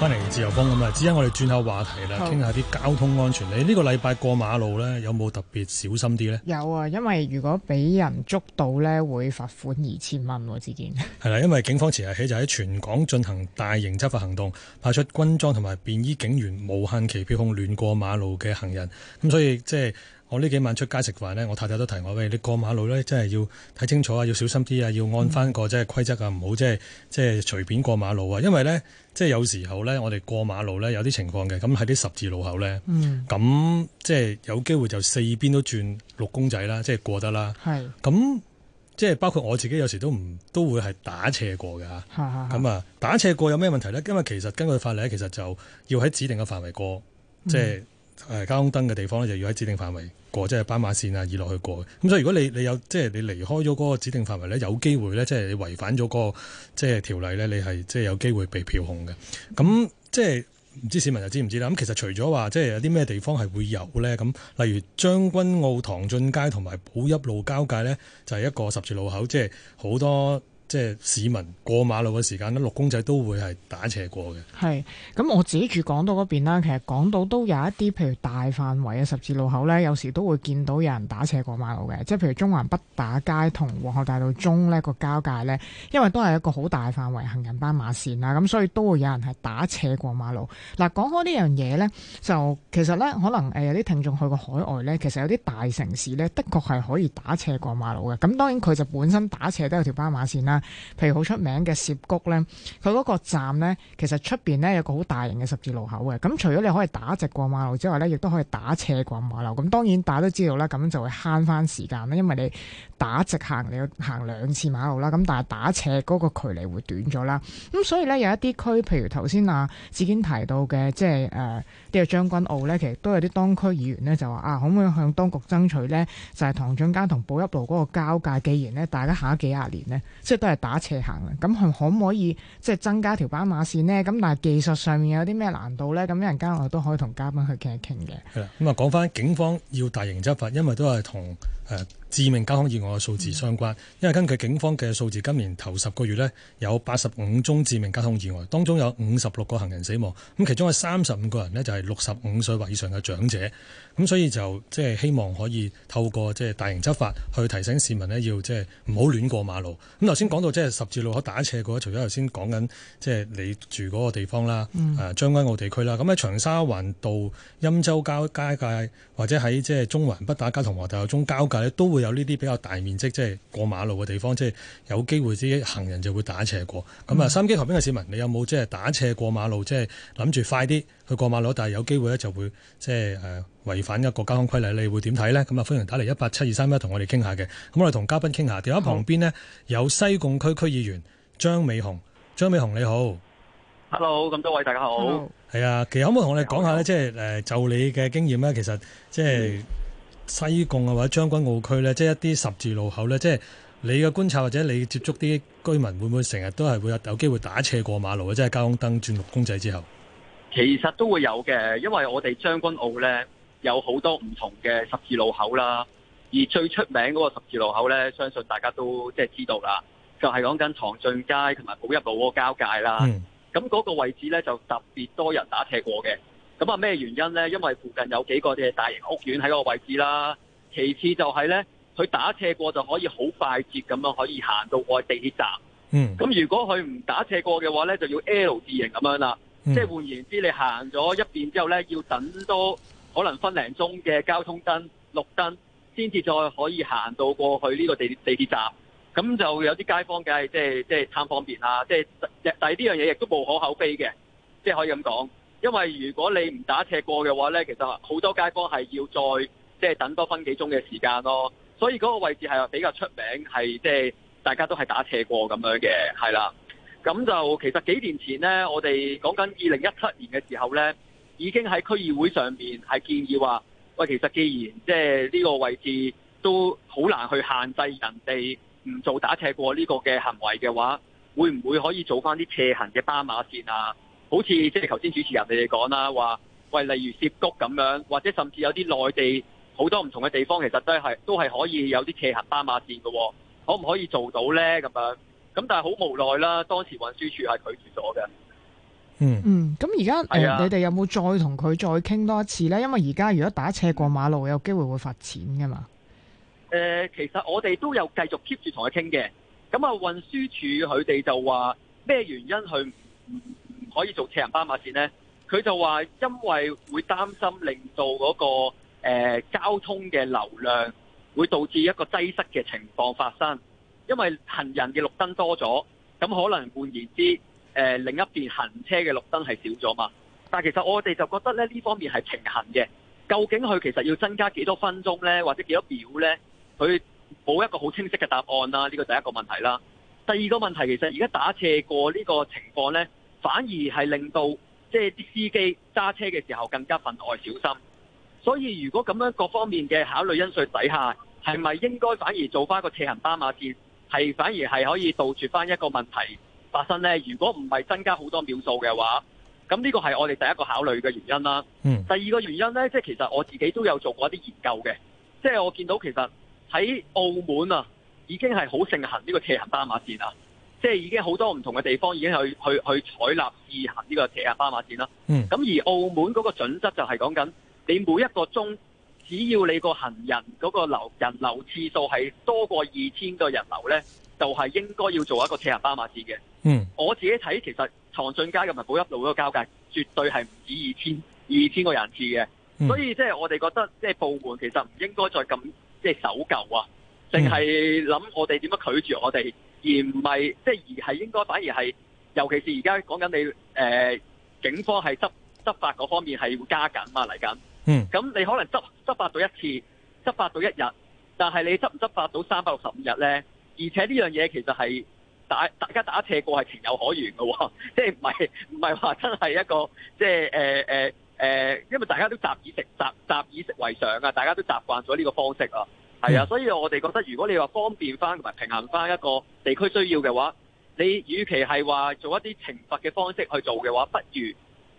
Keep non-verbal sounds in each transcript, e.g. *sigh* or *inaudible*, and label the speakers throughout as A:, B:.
A: 翻嚟自由風咁啊！只因我哋轉下話題啦，傾好下啲交通安全。你呢個禮拜過馬路呢，有冇特別小心啲呢？
B: 有啊，因為如果俾人捉到呢，會罰款二千蚊喎，之堅。
A: 係啦， *laughs* 因為警方前日起就喺全港進行大型執法行動，派出軍裝同埋便衣警員，無限期票控亂過馬路嘅行人。咁所以即係。我呢幾晚出街食飯咧，我太太都提我：喂，你過馬路咧，真係要睇清楚啊，要小心啲啊，要按翻個即係規則啊，唔好即係即係隨便過馬路啊！因為咧，即係有時候咧，我哋過馬路咧有啲情況嘅，咁喺啲十字路口咧，咁即係有機會就四邊都轉六公仔啦，即係過得啦。係咁是，即係包括我自己有時都唔都會係打斜過㗎吓。咁啊哈，打斜過有咩問題咧？因為其實根據法例，其實就要喺指定嘅範圍過，即係。嗯誒交通燈嘅地方咧，就要喺指定範圍過，即係斑馬線啊，而落去過。咁所以如果你你有即係你離開咗嗰個指定範圍咧，有機會咧，即係你違反咗嗰個即係條例咧，你係即係有機會被票控嘅。咁即係唔知市民又知唔知啦？咁其實除咗話即係有啲咩地方係會有咧，咁例如將軍澳唐俊街同埋寶邑路交界咧，就係一個十字路口，即係好多。即係市民過馬路嘅時間，綠公仔都會係打斜過
B: 嘅。係咁，咁我自己住港島嗰邊啦，其實港島都有一啲譬如大範圍嘅十字路口咧，有時都會見到有人打斜過馬路嘅。即係譬如中環畢打街同皇后大道中呢個交界咧，因為都係一個好大範圍行人斑馬線啦，咁所以都會有人係打斜過馬路。嗱，講開呢樣嘢咧，就其實咧可能誒有啲聽眾去過海外咧，其實有啲大城市咧，的確係可以打斜過馬路嘅。咁當然佢就本身打斜都有條斑馬線啦。譬如好出名嘅涉谷呢，佢嗰個站呢，其實出邊呢，有個好大型嘅十字路口嘅。咁除咗你可以打直過馬路之外呢，亦都可以打斜過馬路。咁當然大家都知道啦，咁就會慳翻時間啦，因為你打直行你要行兩次馬路啦。咁但係打斜嗰個距離會短咗啦。咁所以呢，有一啲區，譬如頭先啊子健提到嘅，即係誒，呢、呃這個將軍澳呢，其實都有啲當區議員呢，就話啊，可唔可以向當局爭取呢？就係唐俊街同寶邑路嗰個交界，既然呢，大家行咗幾廿年呢。即係。係打斜行啊！咁佢可唔可以即係增加條斑馬線呢？咁但係技術上面有啲咩難度呢？咁一陣間我都可以同嘉賓去傾一傾嘅。
A: 係啦。咁啊，講翻警方要大型執法，因為都係同誒。呃致命交通意外嘅數字相關，因為根據警方嘅數字，今年頭十個月咧有八十五宗致命交通意外，當中有五十六個行人死亡，咁其中嘅三十五個人咧就係六十五歲或以上嘅長者，咁所以就即係希望可以透過即係大型執法去提醒市民咧，要即係唔好亂過馬路。咁頭先講到即係十字路口打斜過，除咗頭先講緊，即係你住嗰個地方啦，誒將軍澳地區啦，咁喺長沙環道、欽州交街界，或者喺即係中環北打街同華大有中交界咧，都會。會有呢啲比較大面積，即、就、係、是、過馬路嘅地方，即、就、係、是、有機會自己行人就會打斜過。咁啊、嗯，三機旁邊嘅市民，你有冇即係打斜過馬路？即係諗住快啲去過馬路，但係有機會咧就會即係誒違反一個交通規例，你會點睇呢？咁啊，歡迎打嚟一八七二三一同我哋傾下嘅。咁我哋同嘉賓傾下。電話旁邊呢，嗯、有西貢區區議員張美雄。張美雄你好
C: ，Hello，咁多位大家
A: 好，係 Hello 啊。其實可唔可以同我哋講下呢？即係誒，就你嘅經驗呢，其實即、就、係、是。嗯西貢啊，或者將軍澳區呢，即係一啲十字路口呢，即係你嘅觀察或者你接觸啲居民，會唔會成日都係會有有機會打斜過馬路啊？即係交通燈轉綠公仔之後，
C: 其實都會有嘅，因為我哋將軍澳呢，有好多唔同嘅十字路口啦，而最出名嗰個十字路口呢，相信大家都即係知道啦，就係講緊唐俊街同埋寶邑路嗰個交界啦。咁嗰、嗯、個位置呢，就特別多人打斜過嘅。咁啊，咩原因呢？因為附近有幾個嘅大型屋苑喺個位置啦。其次就係呢，佢打斜過就可以好快捷咁樣可以行到我地鐵站。嗯。咁如果佢唔打斜過嘅話呢，就要 L 字形咁樣啦。即係換言之，你行咗一邊之後呢，要等多可能分零鐘嘅交通燈綠燈，先至再可以行到過去呢個地地鐵站。咁就有啲街坊梗係即係即係貪方便啦，即係，第二呢樣嘢亦都無可厚非嘅，即係可以咁講。因為如果你唔打斜過嘅話呢，其實好多街坊係要再即係、就是、等多分幾鐘嘅時，時間咯。所以嗰個位置係比較出名，係即係大家都係打斜過咁樣嘅，係啦。咁就其實幾年前呢，我哋講緊二零一七年嘅時候呢，已經喺區議會上面係建議話：喂，其實既然即係呢個位置都好難去限制人哋唔做打斜過呢個嘅行為嘅話，會唔會可以做翻啲斜行嘅斑馬線啊？好似即係頭先，主持人你哋講啦，話喂，例如涉谷咁樣，或者甚至有啲內地好多唔同嘅地方，其實都係都係可以有啲斜行斑馬線嘅，可唔可以做到呢？咁樣咁但係好無奈啦，當時運輸處係拒絕咗嘅。嗯
B: 嗯，咁而家你哋有冇再同佢再傾多一次呢？因為而家如果打斜過馬路，有機會會罰錢噶嘛。
C: 誒、呃，其實我哋都有繼續 keep 住同佢傾嘅。咁啊，運輸處佢哋就話咩原因去？可以做斜行斑馬線呢，佢就話因為會擔心令到嗰、那個誒、呃、交通嘅流量會導致一個擠塞嘅情況發生，因為行人嘅綠燈多咗，咁可能換言之，誒、呃、另一邊行車嘅綠燈係少咗嘛。但其實我哋就覺得咧呢，這方面係平衡嘅，究竟佢其實要增加幾多分鐘呢？或者幾多秒呢？佢冇一個好清晰嘅答案啦。呢、這個第一個問題啦，第二個問題其實而家打斜過呢個情況呢。反而係令到即係啲司機揸車嘅時候更加分外小心。所以如果咁樣各方面嘅考慮因素底下，係咪應該反而做翻個斜行斑馬線，係反而係可以杜絕翻一個問題發生呢？如果唔係增加好多秒數嘅話，咁呢個係我哋第一個考慮嘅原因啦。第二個原因呢，即係其實我自己都有做過一啲研究嘅，即係我見到其實喺澳門啊，已經係好盛行呢個斜行斑馬線啊。即係已經好多唔同嘅地方已經去去去採納試行呢個騎人斑馬線啦。咁、嗯、而澳門嗰個準則就係講緊，你每一個鐘只要你個行人嗰個流人流次數係多過二千個人流咧，就係、是、應該要做一個騎人斑馬線嘅。嗯，我自己睇其實唐俊街嘅埋保一路嗰個交界絕對係唔止二千二千個人次嘅。嗯、所以即係我哋覺得即係部門其實唔應該再咁即係守舊啊，淨係諗我哋點樣拒絕我哋。而唔係，即係而係應該，反而係，尤其是而家講緊你誒、呃，警方係執執法嗰方面係會加緊嘛嚟緊。來嗯，咁你可能執執法到一次，執法到一日，但係你執唔執法到三百六十五日咧？而且呢樣嘢其實係大大家打斜過係情有可原嘅，即係唔係唔係話真係一個即係誒誒因為大家都習以食習，習以食為常啊，大家都習慣咗呢個方式啊。係啊，所以我哋覺得，如果你話方便翻同埋平衡翻一個地區需要嘅話，你與其係話做一啲懲罰嘅方式去做嘅話，不如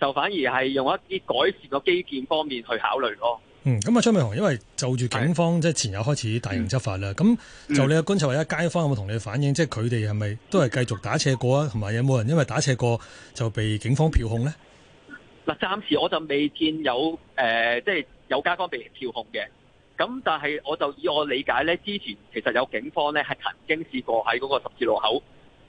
C: 就反而係用一啲改善個基建方面去考慮咯。嗯，
A: 咁啊，張美雄，因為就住警方即係的前日開始大型執法啦，咁、嗯、就你嘅觀察，或者街坊有冇同你反映，即係佢哋係咪都係繼續打斜過啊？同埋有冇人因為打斜過就被警方票控呢？
C: 嗱、嗯，暫時我就未見有誒，即、呃、係、就是、有街坊被票控嘅。咁但係我就以我理解咧，之前其實有警方咧係曾經試過喺嗰個十字路口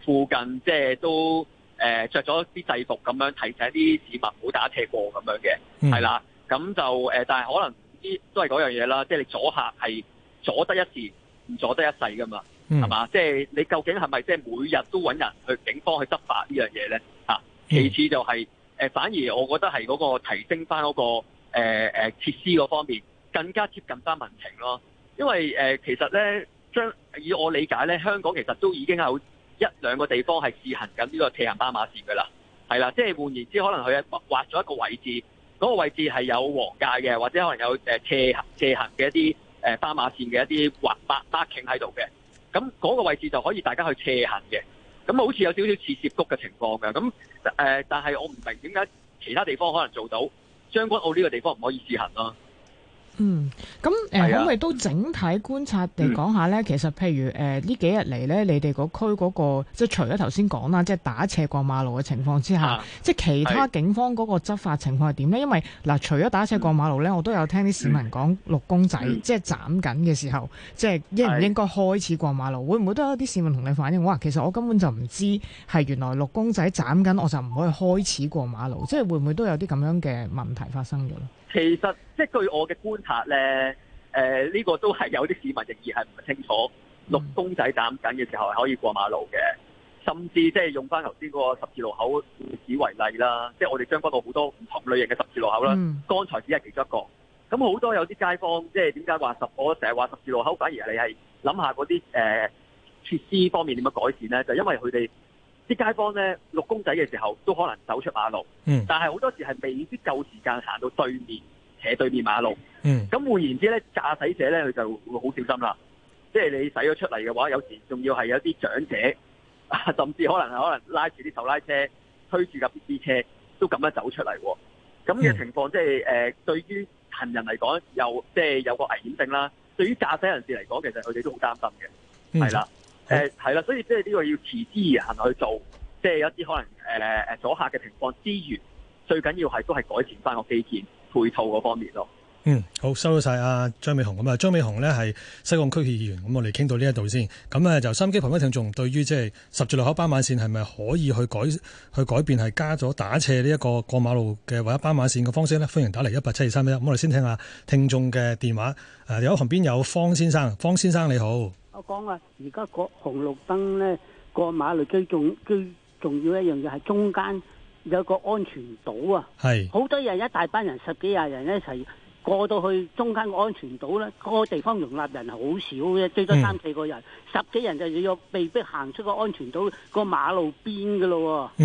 C: 附近，即係都誒著咗啲制服咁樣提醒啲市民唔好打車過咁樣嘅，係、嗯、啦。咁就誒、呃，但係可能啲都係嗰樣嘢啦，即係你阻嚇係阻得一時，唔阻得一世噶嘛，係嘛、嗯？即係你究竟係咪即係每日都揾人去警方去執法呢樣嘢咧？吓。其次就係、是呃、反而我覺得係嗰個提升返、那、嗰個誒誒設施嗰方面。更加接近翻民情咯，因為誒其實咧，將以我理解咧，香港其實都已經有一兩個地方係試行緊呢個斜行斑馬線嘅啦，係啦，即係換言之，可能佢劃咗一個位置，嗰個位置係有黃架嘅，或者可能有誒斜斜行嘅一啲誒斑馬線嘅一啲劃 marking 喺度嘅，咁嗰個位置就可以大家去斜行嘅，咁好似有少少似涉谷嘅情況嘅，咁誒，但係我唔明點解其他地方可能做到將軍澳呢個地方唔可以試行咯？
B: 嗯，咁誒，咁我亦都整體觀察地講下呢。嗯、其實譬如誒呢、呃、幾日嚟呢，你哋嗰區嗰、嗰個即係除咗頭先講啦，即係打斜過馬路嘅情況之下，啊、即係其他警方嗰個執法情況係點呢？因為嗱、呃，除咗打斜過馬路呢，嗯、我都有聽啲市民講綠公仔，嗯、即係斬緊嘅時候，嗯、即係應唔應該開始過馬路？嗯、會唔會都有啲市民同你反映，哇，其實我根本就唔知係原來綠公仔斬緊，我就唔可以開始過馬路，即係會唔會都有啲咁樣嘅問題發生咗其
C: 實。即係據我嘅觀察咧，呢、呃這個都係有啲市民仍然係唔清楚綠公仔膽緊嘅時候係可以過馬路嘅，甚至即係用翻頭先個十字路口例子為例啦，即係我哋將軍澳好多唔同類型嘅十字路口啦，剛才只係其中一個。咁好多有啲街坊即係點解話十我成日話十字路口反而係你係諗下嗰啲誒設施方面點樣改善咧？就是、因為佢哋啲街坊咧綠公仔嘅時候都可能走出馬路，但係好多時係未必夠時間行到對面。斜對面馬路，咁、嗯、換言之咧，駕駛者咧佢就會好小心啦。即係你使咗出嚟嘅話，有時仲要係有啲長者，甚至可能係可能拉住啲手拉車，推住架 B B 車都咁樣走出嚟。咁嘅情況，即係、嗯就是、對於行人嚟講，又即係有個危險性啦。對於駕駛人士嚟講，其實佢哋都好擔心嘅，係啦，係啦。所以即係呢個要持之以恆去做，即係有一啲可能、呃、左下嘅情況之餘，最緊要係都係改善翻個基建。配
A: 套嗰方面咯。嗯，好，收咗晒啊，張美雄。咁啊，張美雄呢係西貢區議員，咁我哋傾到呢一度先。咁啊，就收音機旁邊聽眾，對於即係十字路口斑馬線係咪可以去改去改變，係加咗打斜呢一個過馬路嘅或者斑馬線嘅方式呢？歡迎打嚟一八七二三一，咁我哋先聽下聽，聽眾嘅電話。誒，有旁邊有方先生，方先生你好。
D: 我講啊，而家個紅綠燈呢，過馬路最重最重要一樣嘢係中間。有個安全島啊，係好多人，一大班人，十幾廿人一齊。過到去中間個安全島呢，個地方容納人好少嘅，最多三四個人，嗯、十幾人就要被迫行出個安全島個馬路邊㗎咯喎。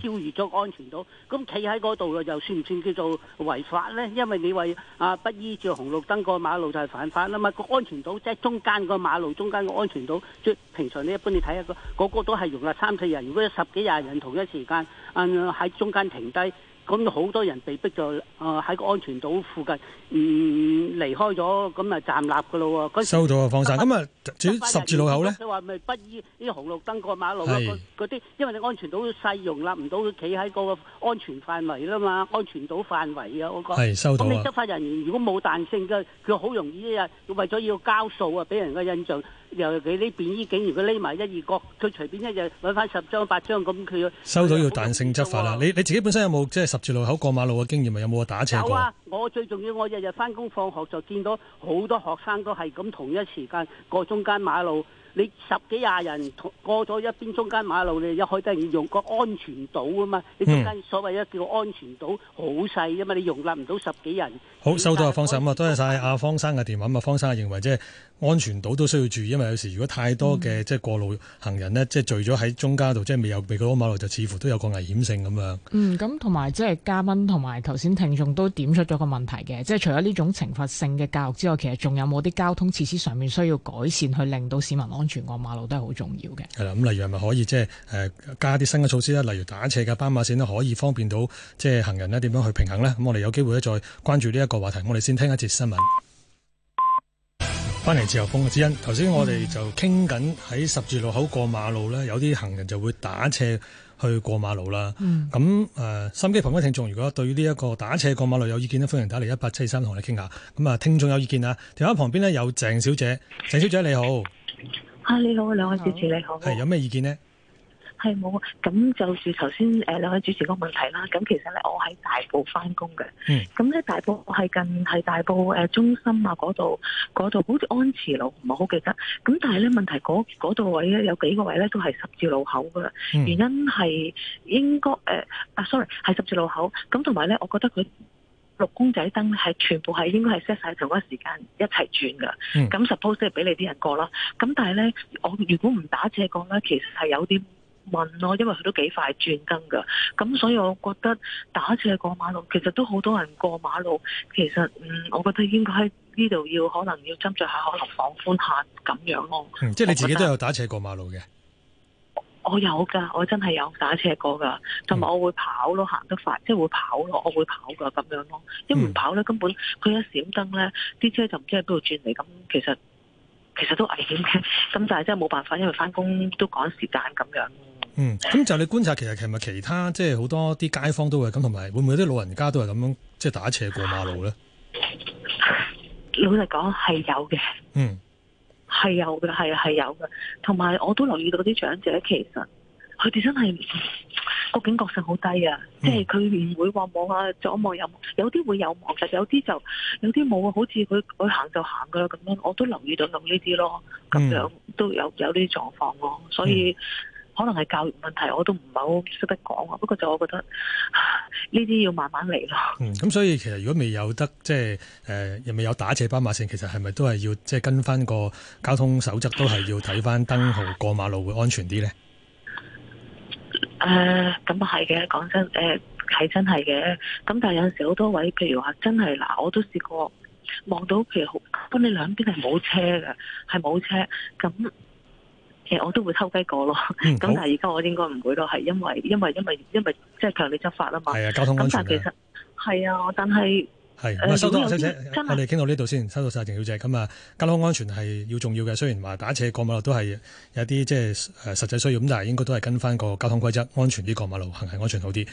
D: 超越咗安全島，咁企喺嗰度咧，又算唔算叫做違法呢？因為你話啊不依住紅綠燈過馬路就係犯法啦嘛。個安全島即係中間個馬路中間個安全島，即、係、平常你一般你睇下個嗰個都係容納三四人，如果有十幾廿人同一時間嗯喺中間停低。咁好多人被逼就誒喺個安全島附近唔離開咗，咁咪站立噶咯喎？收到啊，放晒咁啊，
A: 主要十字路口咧，佢
D: 話咪不依啲紅綠燈過馬路啊。嗰嗰啲，因為你安全島細，容納唔到佢企喺個安全範圍啦嘛，安全島範圍啊，我講。係收到。咁你執法人員如果冇彈性嘅，佢好容易呀為咗要交數啊，俾人嘅印象。尤其呢便衣警，如果匿埋一二角，佢隨便一日攞翻十張八張咁，佢
A: 收到要彈性執法啦。嗯、你你自己本身有冇即係十字路口過馬路嘅經驗啊？有冇打斜過？有啊！
D: 我最重要，我日日翻工放學就見到好多學生都係咁同一時間過中間馬路。你十幾廿人過咗一邊中間馬路，你一開燈要用個安全島啊嘛？你中間所謂一叫安全島好細啊嘛，你容納唔到十幾
A: 人。好，收到啊，放心啊，是多謝晒阿方生嘅電話啊，方生認為即係安全島都需要注意，因為有時如果太多嘅即係過路行人呢、嗯，即係聚咗喺中間度，即係未有未過馬路，就似乎都有個危險性咁樣。
B: 嗯，咁同埋即係嘉賓同埋頭先聽眾都點出咗個問題嘅，即係除咗呢種懲罰性嘅教育之外，其實仲有冇啲交通設施上面需要改善，去令到市民安全？全港馬路都係好重要嘅，
A: 係啦。咁例如係咪可以即係誒加啲新嘅措施咧？例如打斜嘅斑馬線咧，可以方便到即係、呃、行人咧點樣去平衡呢？咁我哋有機會咧再關注呢一個話題。我哋先聽一節新聞，翻嚟、嗯、自由風嘅之恩。頭先我哋就傾緊喺十字路口過馬路呢，有啲行人就會打斜去過馬路啦。咁誒、嗯呃，心機旁邊聽眾，如果對呢一個打斜的過馬路有意見咧，歡迎打嚟一八七三同你哋傾下。咁啊，聽眾有意見啊？電話旁邊呢，有鄭小姐，鄭小姐你好。
E: 啊，你好啊，兩位主持，你好，係好有咩意見呢？係冇，咁就住頭先誒，兩位主持個問題啦。咁其實咧，我喺大埔翻工嘅，咁咧、嗯、大埔係近係大埔誒、呃、中心啊，嗰度嗰度好似安慈路，唔係好記得。咁但係咧，問題嗰度位咧，有幾個位咧都係十字路口噶，嗯、原因係應該誒，啊、呃、，sorry，係十字路口。咁同埋咧，我覺得佢。六公仔燈係全部係應該係 set 曬同一時間一齊轉噶，咁、嗯、suppose 係俾你啲人過啦。咁但係咧，我如果唔打斜過咧，其實係有啲問咯，因為佢都幾快轉燈噶。咁所以我覺得打斜過馬路其實都好多人過馬路，其實嗯，我覺得應該喺呢度要可能要斟酌下，可能放寬下咁樣咯、嗯。即係你自己都有
A: 打斜過馬路嘅。
E: 我有噶，我真係有打斜過噶，同埋我會跑咯，行得快，即係會跑咯，我會跑噶咁樣咯。因為唔跑咧，根本佢一閃燈咧，啲車就唔知喺邊度轉嚟，咁其實其實都危險嘅。咁但係真係冇辦法，因為翻工都趕時間咁樣。嗯，
A: 咁就你觀察，其實其實其他即係好多啲街坊都會咁，同埋會唔會啲老人家都係咁樣即係打斜過馬路咧？
E: 老實講係有嘅。嗯。係有嘅，係係有嘅，同埋我都留意到啲長者其實佢哋真係個警覺性好低啊！嗯、即係佢唔會話望下、啊、左望右，望，有啲會有望，實有啲就有啲冇啊！好似佢佢行就行噶啦咁樣，我都留意到咁呢啲咯，咁樣都有、嗯、有啲狀況咯，所以。嗯可能係教育問題，我都唔係好識得講，不過就我覺得呢啲要慢慢嚟咯。
A: 咁、嗯、所以其實如果未有得即係誒，又未有打斜斑馬線，其實係咪都係要即係、就是、跟翻個交通守則，都係要睇翻燈號過馬路會安全啲呢？誒、
E: 呃，咁啊係嘅，講真誒係、呃、真係嘅。咁但係有陣時好多位，譬如話真係嗱，我都試過望到譬如好，不過你兩邊係冇車嘅，係冇車咁。嗯其實我都會偷雞過咯，咁、嗯、但係而家我應該唔會咯，係因為因為因為因為即係強力執法啊嘛。係啊，交通安全、啊。其
A: 實係啊，但係係、啊呃、收到，謝謝有。的我哋傾到呢度先，收到晒，鄭小姐。咁、嗯、啊，交通安全係要重要嘅。雖然話打斜過馬路都係有啲即係誒實際需要，咁但係應該都係跟翻個交通規則，安全啲過馬路行係安全好啲。